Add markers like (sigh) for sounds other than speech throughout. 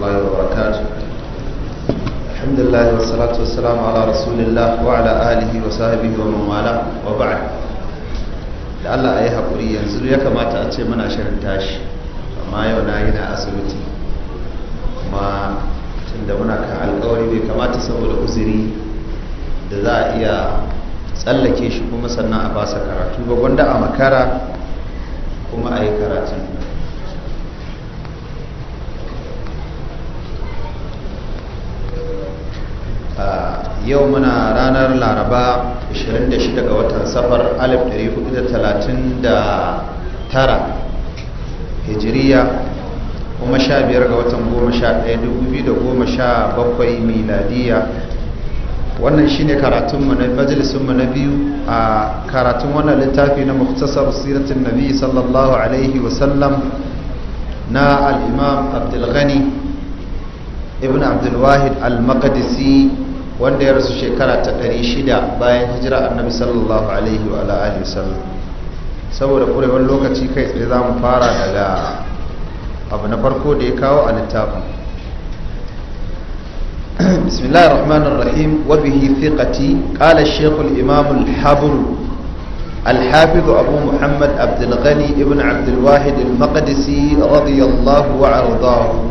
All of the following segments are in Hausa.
الله وبركاته rasulillah لله والصلاة والسلام على رسول الله وعلى آله وصحبه ومن والاه وبعد لعل أي حقوري ينزل amma yau na yi na asibiti kuma tun da muna kan alkawari bai kamata saboda uzuri da za a iya tsallake shi kuma sannan a basa karatu ba gwanda a makara kuma a yi karatun yau muna ranar laraba 26 ga watan safar 1439 hijiriya kuma 15 ga watan 11,2017 miladiya wannan shine karatunmu na majalisunmu na biyu a karatun wannan littafi na muktasar siratun nabi sallallahu alaihi wasallam na al'imam abdulghani ibn abdulwahid al-maqdisi wanda ya rasu shekara ta shida bayan hijira annabi sallallahu alaihi wa alihi saboda kurewar lokaci kai tsaye za mu fara daga abu na farko da ya kawo a littafin (clears throat) bismillah ar rahim wa bihi thiqati qala ash-shaykh al-imam al-habr abu muhammad abdul ibn abd al-wahid al-maqdisi radiyallahu wa ardahu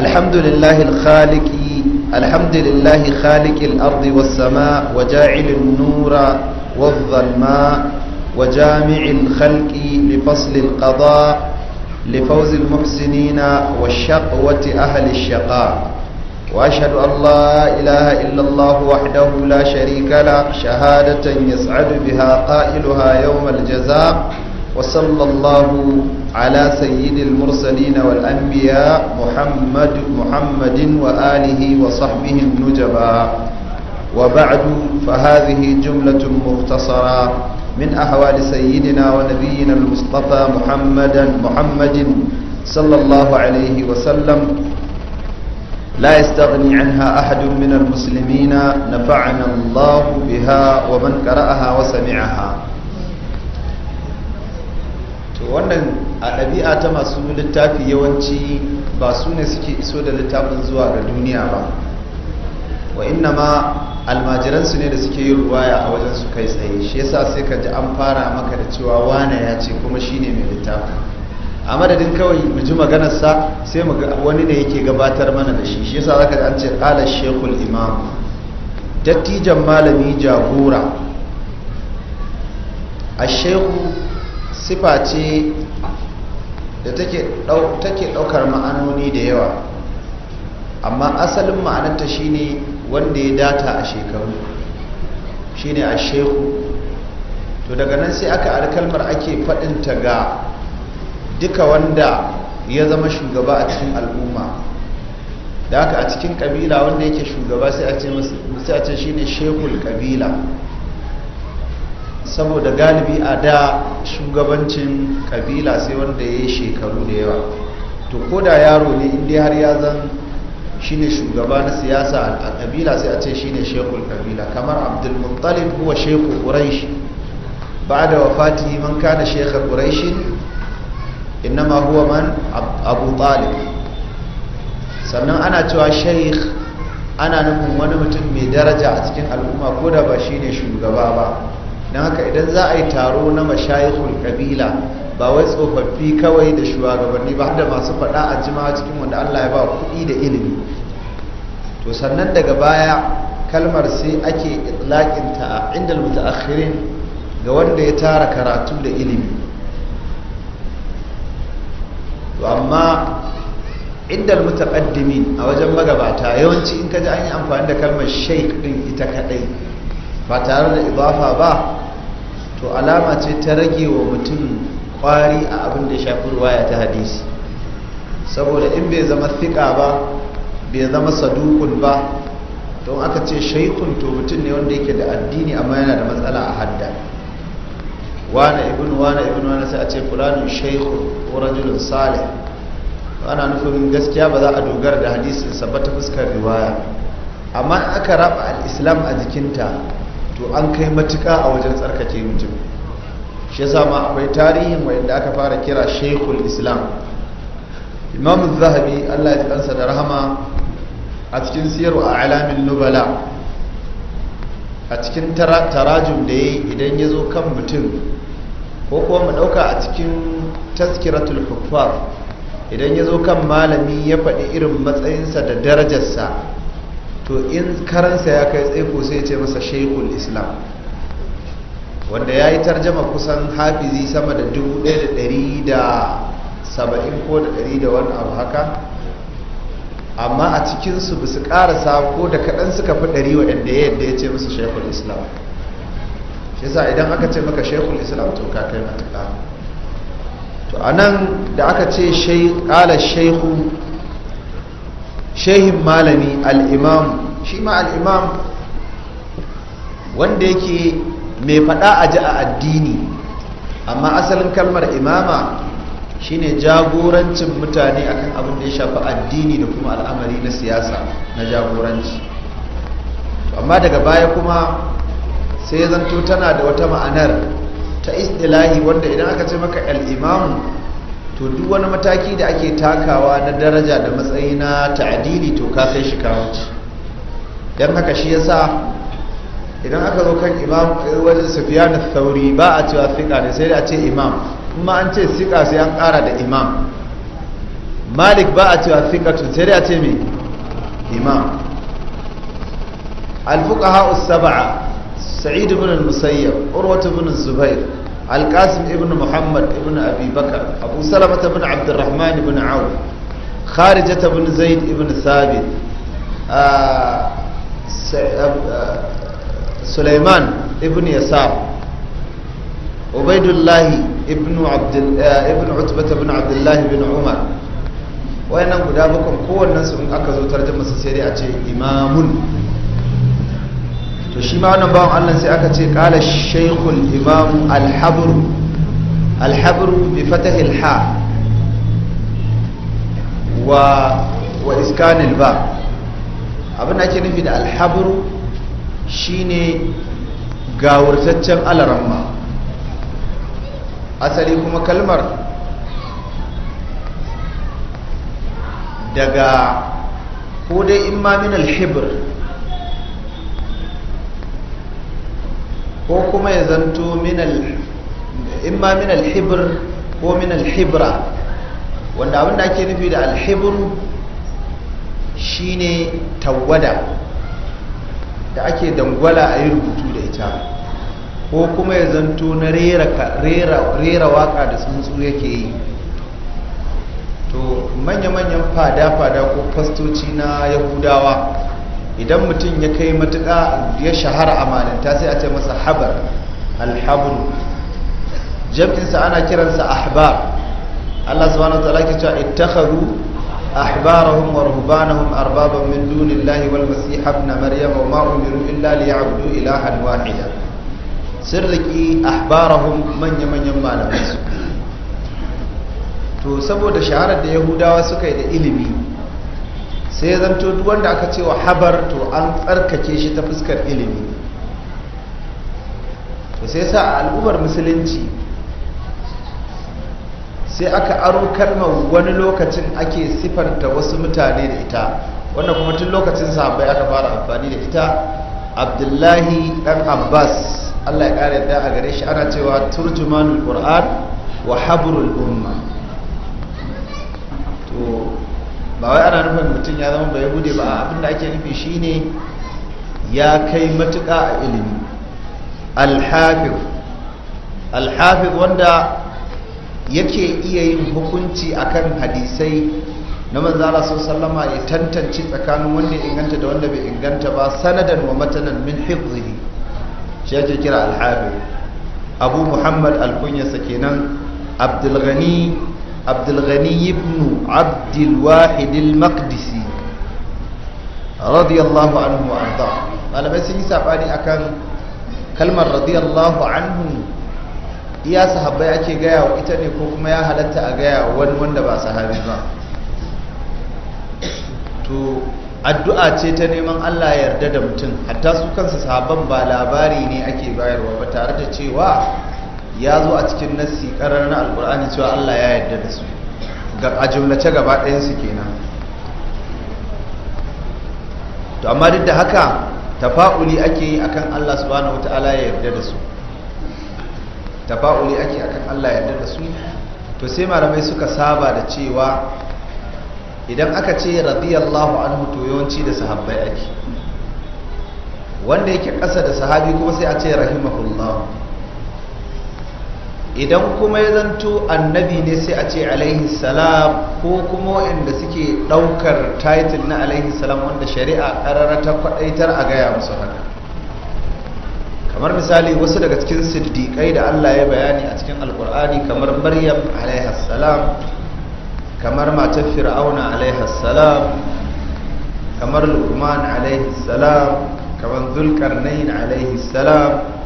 alhamdulillahi الحمد لله خالق الأرض والسماء وجاعل النور والظلماء وجامع الخلق لفصل القضاء لفوز المحسنين والشقوة أهل الشقاء وأشهد أن لا إله إلا الله وحده لا شريك له شهادة يسعد بها قائلها يوم الجزاء وصلى الله على سيد المرسلين والأنبياء محمد محمد وآله وصحبه النجبا وبعد فهذه جملة مختصرة من أحوال سيدنا ونبينا المصطفى محمدا محمد صلى الله عليه وسلم لا يستغني عنها أحد من المسلمين نفعنا الله بها ومن قرأها وسمعها to wannan a ɗabi'a ta masu littafi yawanci ba su ne suke iso da littafin zuwa ga duniya ba wa inna ma almajiransu ne da suke yin ruwaya a wajen su kai tsaye shi yasa sai ka ji an fara maka da cewa wane ya ce kuma shine mai littafi a madadin kawai mu ji maganarsa sai mu wani ne yake gabatar mana da shi shi yasa zaka ji an ce qala shaykhul imam dattijan malami jagora a shaykhu sifa ce da take ɗaukar ma'anoni da yawa amma asalin ma'anarta shine wanda ya data a shekaru shine a shehu to daga nan sai aka alkalmar ake faɗinta ga duka wanda ya zama shugaba a cikin al'umma da haka a cikin kabila wanda yake shugaba sai a ce shine shekul ƙabila. saboda galibi a da shugabancin kabila sai wanda ya yi shekaru da yawa to ko da yaro ne inda har ya zan shine shugaba na siyasa a kabila sai a ce ne shekul kabila kamar abdulmuttalib huwa shekul quraish ba'da wafati man kana ƙuraishi inna ma huwa man abu talib sannan ana cewa sheikh ana nufin wani mutum mai daraja a cikin al'umma ko da ba ne shugaba ba don haka idan za a yi taro na mashayikul kabila ba wai tsofaffi kawai da shugabanni ba da masu faɗa a jima cikin wanda allah ya ba kuɗi da ilimi to sannan daga baya kalmar sai ake itlaƙinta a inda mutaakhirin ga wanda ya tara karatu da ilimi to amma inda mutaqaddimin a wajen magabata yawanci in ka ji an yi amfani da kalmar sheik din ita kadai ba tare da Ibafa ba to alama ce ta rage wa mutum kwari a abin da shafi ruwaya ta hadisi saboda in bai zama siƙa ba bai zama sadukun ba don aka ce shaikun to mutum ne wanda yake da addini amma yana da matsala a hadda wane ibn wane ibn wane sai a ce shaikun ko rajulun salih ana nufin gaskiya ba za a dogara da hadisinsa ba ta fuskar riwaya amma aka raba Al'islam a jikinta to an kai matuka a wajen tsarkake mutum shi ya ma akwai tarihin wanda aka fara kira shekul islam imam zahabi allah ya kansa da rahama a cikin siyarwa a alamin nubala a cikin tarajin da ya yi idan ya zo kan mutum ko kuma mu ɗauka a cikin taskiratul kuffar idan ya zo kan malami ya faɗi irin matsayinsa da darajarsa to in karansa ya kai tsaiko sai ce masa shekul islam wanda ya yi tarjama kusan hafizi sama da 1,170 ko da 100 wani abu haka amma a cikinsu ba su karasa ko da kaɗan suka fi ɗari waɗanda ya yadda ya ce masa shekul islam shi sa idan aka ce maka shekul islam to ka kai matuka. to a nan da aka ce ƙala shehu shehin malami al'imam shi ma al'imam wanda yake mai faɗa a ji a addini amma asalin kalmar imama shi ne jagorancin mutane akan abin da ya shafi addini da kuma al'amari na siyasa na jagoranci amma daga baya kuma sai zanto tana da wata ma'anar ta istilahi wanda idan aka ce maka al'imamu to duk wani mataki da ake takawa na daraja da matsayi na ta'adili to ka sai shi ci don haka shi yasa idan aka zo kan imam wajen na sauri ba a cewa fiƙa ne sai da a ce imam kuma an ce siƙa sai an ƙara da imam malik ba a cewa fiƙa sai da a ce mai imam alfuka ha'us saba'a Sa'idu bin Musayyar, urwatu bin zubair القاسم ابن محمد ابن أبي بكر أبو سلمة بن عبد الرحمن بن عوف خارجة بن زيد ابن ثابت سليمان ابن يسار عبيد الله ابن عبد ابن عتبة بن عبد الله بن عمر wayannan guda bakwai kowannen الناس in aka zo tarjuma su sai to shi ma wannan bawan Allah sai aka ce kala shaykhul imam al-habr al-habr bi fatah al-ha wa wa iskan al-ba abin da ake nufi da al-habr shine gawurtaccen alaramma asali kuma kalmar daga ko dai imma al-hibr ko kuma ya zanto imma min alhibir ko min alhibra wanda abinda ake nufi da alhibir shi ne tawada da ake dangwala a yi rubutu da ita ko kuma ya zanto na rera waka da tsuntsu yake yi to manya-manyan fada-fada ko fastoci na yahudawa idan mutum ya kai matuƙa ya shahara amaninta sai a ce masa habar alhabru jam'insa ana kiransa ahbar Allah subhanahu wa ta'ala ke cewa ittakhadhu ahbarahum wa ruhbanahum arbaban min dunillahi wal masih ibn maryam wa ma umiru illa liya'budu ilahan wahida sirriki ahbarahum manya manyan malamai to saboda shaharar da yahudawa suka yi da ilimi sai zanto duk wanda aka ce wa habar to an tsarkake shi ta fuskar ilimi to sai sa a al'ummar musulunci sai aka aro kalma wani lokacin ake siffanta wasu mutane da ita wanda kuma tun lokacin sahabbai aka fara amfani da ita abdullahi dan abbas allah ya kare da a gare shi ana cewa turjumanul qur'an wa habrul umma to ba wai ana nufin mutum ya zama bai bude ba abinda ake nufi shine ya kai matuka a ilimi alhafiz alhafiz wanda yake iya yin hukunci akan hadisai na manzala sun sallama ya tantance tsakanin wanda ya inganta da wanda bai inganta ba sanadan wa matanan min hifzihi shi yake kira alhafif abu muhammad alkunyarsa kenan abdulghani عبد الغني بن عبد الواحد المقدسي رضي الله عنه وارضاه قال بس يسابني اكن كلمه رضي الله عنه iya sahabbai ake gaya wa ita ne ko kuma ya halatta a gaya wani wanda ba sahabi ba to addu'a ce ta neman Allah yarda da mutum hatta su kansu sahabban ba labari ne ake bayarwa ba tare da cewa ya zo a cikin nassi karar na alkur'ani cewa Allah ya yarda da su a jimlace gaba ɗayansu kenan to amma duk da haka tafa'uli ake yi akan Allah subhanahu ta'ala ya yarda da su tafa'uli ake akan Allah ya yarda da su to sai malamai suka saba da cewa idan aka ce radiyallahu anhu to yawanci da sahabbai ake wanda yake ƙasa da sahabi kuma sai a ce rahimahullahu idan kuma ya zanto annabi ne sai a ce alaihi salam ko kuma waɗanda suke ɗaukar title na alaihi salam wanda shari'a karara ta kwaɗaitar a gaya musu haka kamar misali wasu daga cikin siddiƙai da allah ya bayani a cikin alkur'ani kamar maryam alaihi salam kamar matar fir'auna alaihi salam kamar lukman alaihi salam kamar zulkarnain alaihi salam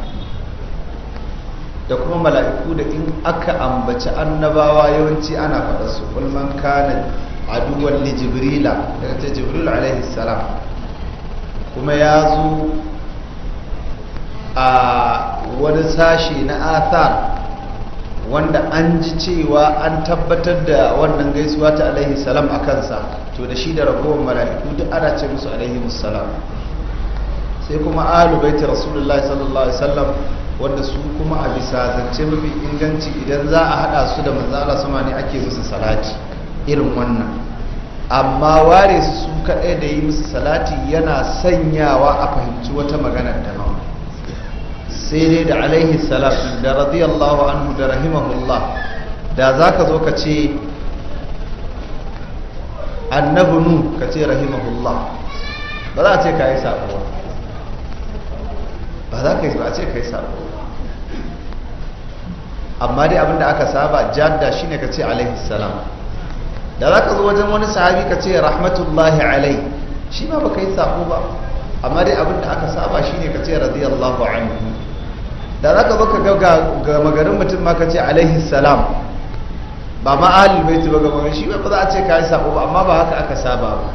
da kuma mala'iku da in aka ambaci annabawa yawanci ana faɗa su kulman kana aduwan li jibrila daga ce jibril alaihi salam kuma ya zo a wani sashi na athar wanda an ji cewa an tabbatar da wannan gaisuwa ta alaihi salam a kansa to da shi da ragowar mala'iku duk ana ce musu alaihi musalam sai kuma alubaitar baiti rasulullahi sallallahu alaihi wasallam wanda su kuma a bisa zance mafi inganci idan za a hada su da manzala sama ne ake musu salati irin wannan amma ware su su kaɗai da yi musu salati yana sanyawa a fahimci wata da daban sai dai da alaihi salatu da radiyallahu anhu da rahimahullah da za ka zo ka ce annabinu ka ce rahimahullah ba za a ce ka yi sabuwa ba za ka yi ba a ce ka yi sabuwa amma dai abinda aka saba jadda ne ka ce alaihi salam da za ka zo wajen wani sahabi ka ce rahmatullahi alai shi ma ka yi sako ba amma dai abinda aka saba ne ka ce radiyallahu anhu da za ka zo ka ga magarin mutum ma ka ce alaihi salam ba ma ahalul baiti ba gaba shi ba za a ce ka yi sako ba amma ba haka aka saba ba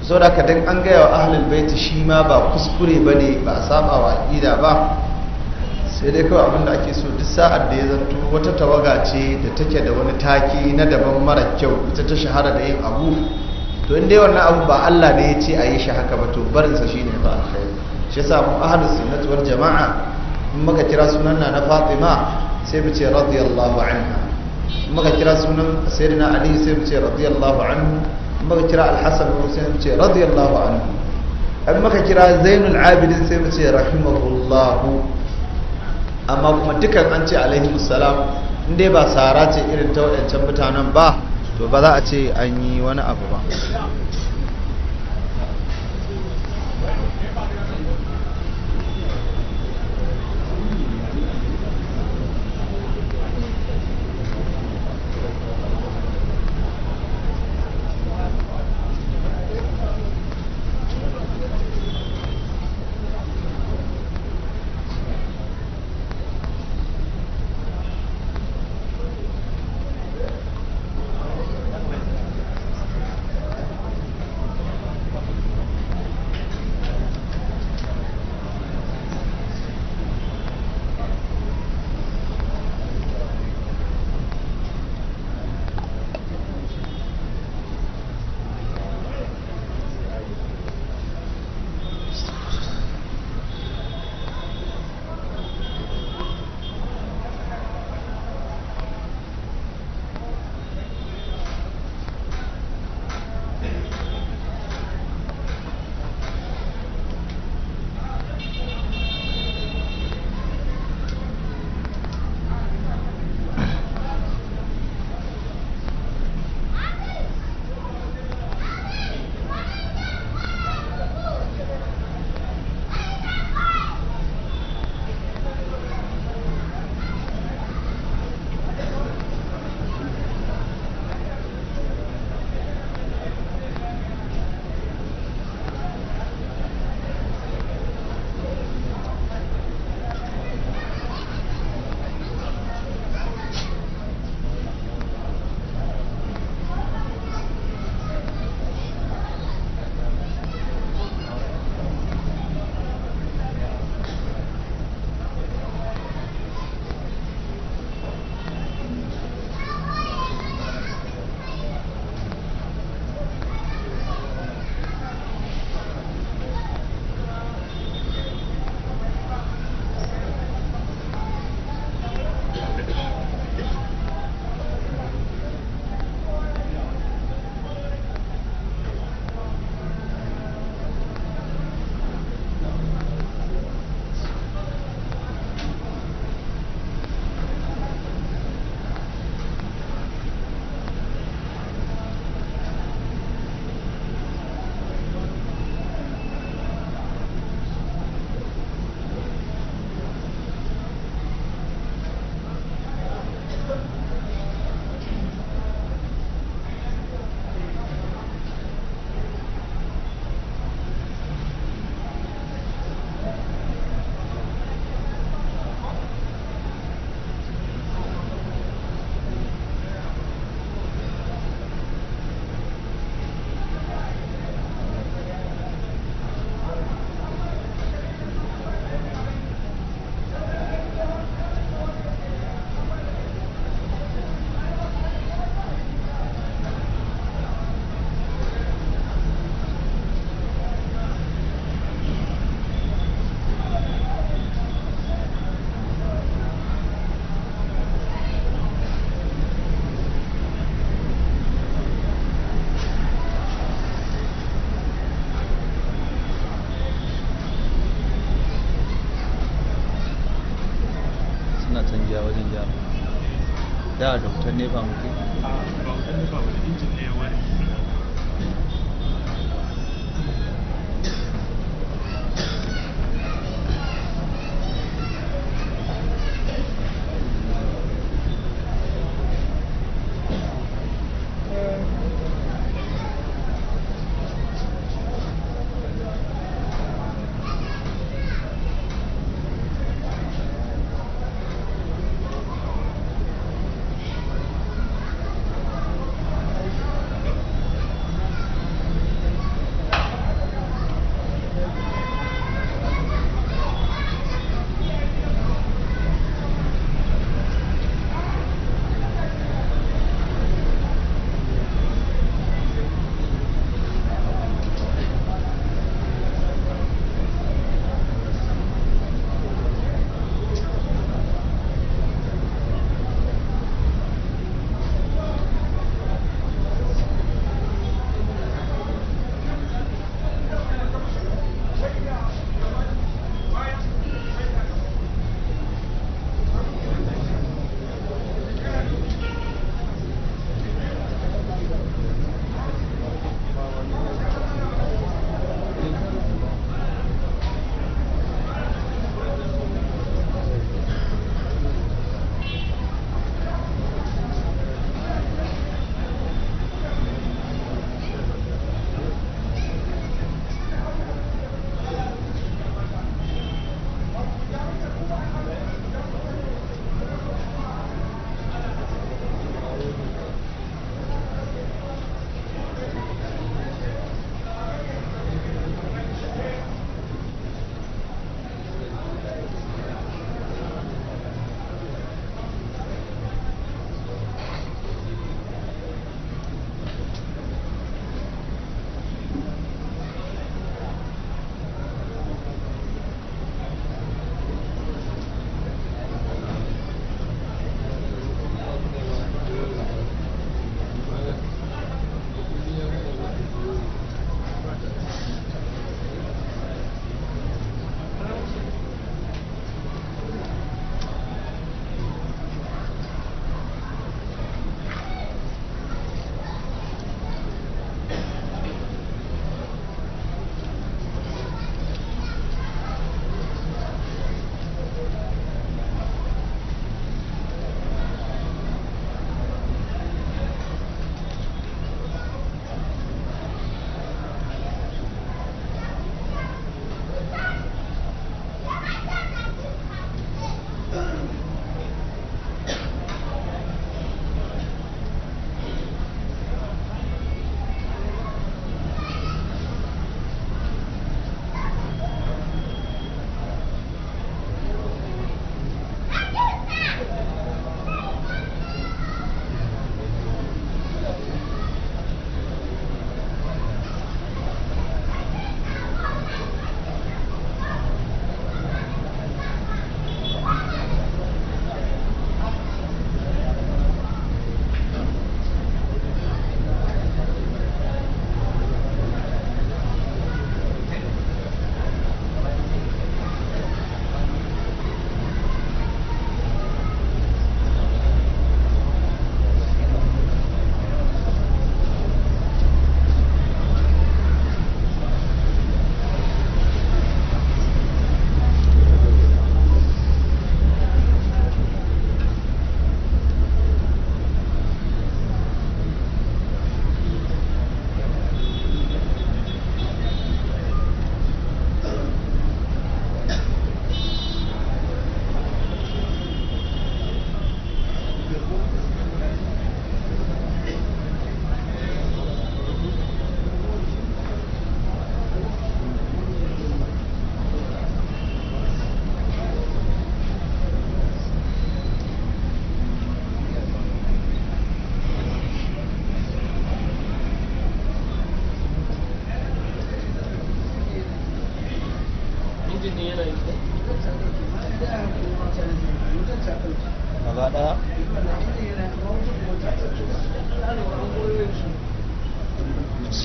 so da ka dan an gaya wa bai ta shi ma ba kuskure ba ne ba a saba wa aƙida ba sai dai kawai abinda ake so duk sa'ar da ya zanto wata tawaga ce da take da wani taki na daban mara kyau ita ta shahara da yin abu to in dai wannan abu ba Allah ne ya ce a yi shi haka ba to barinsa shi ne ba alkhairi shi yasa mu ahlus sunnati wal jama'a in muka kira sunan na Fatima sai mu ce radiyallahu anha in muka kira sunan sayyidina Ali sai mu ce radiyallahu anhu in muka kira al-Hasan sai mu ce radiyallahu anhu in muka kira Zainul Abidin sai mu ce rahimahullahu amma kuma dukan an ce alaihi musallam inda dai ba sara ce irin ta waɗancan mutanen ba to ba za a ce an yi wani abu ba da a wutar nefa mutum? a ba wutar nefa wani injin ne ya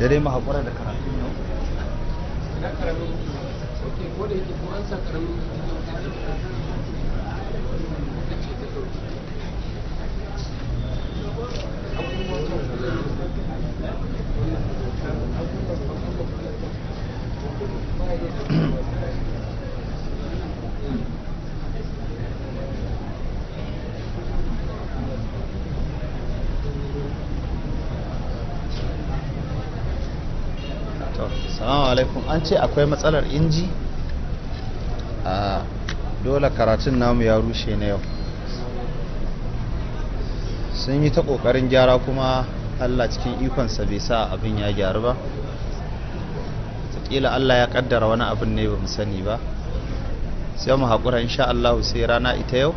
Jadi maha pura dekat. an ce akwai matsalar inji a dole karatun namu ya rushe na yau sun yi ta kokarin gyara kuma allah cikin ikon sa bai sa abin ya gyaru ba kila allah ya kaddara wani abin ne ba mu sani ba sai mu haƙura insha allahu sai rana ita yau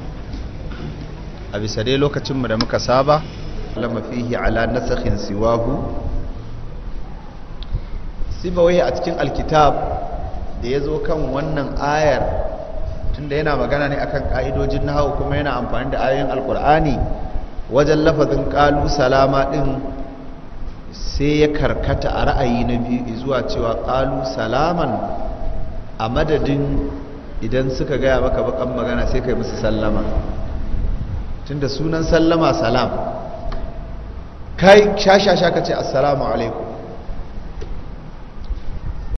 a bisa dai lokacinmu da muka saba lamafihi ala nasakhin siwahu sibawai a cikin alkitab da ya zo kan wannan ayar tunda yana magana ne akan ka'idojin nahawu kuma yana amfani da ayoyin alkur'ani wajen lafazin kalu salama din sai ya karkata a ra'ayi na biyu zuwa cewa kalu salaman a madadin idan suka gaya maka bakan magana sai kai musu sallama tunda sunan sallama salam kai shashasha ka ce assalamu alaikum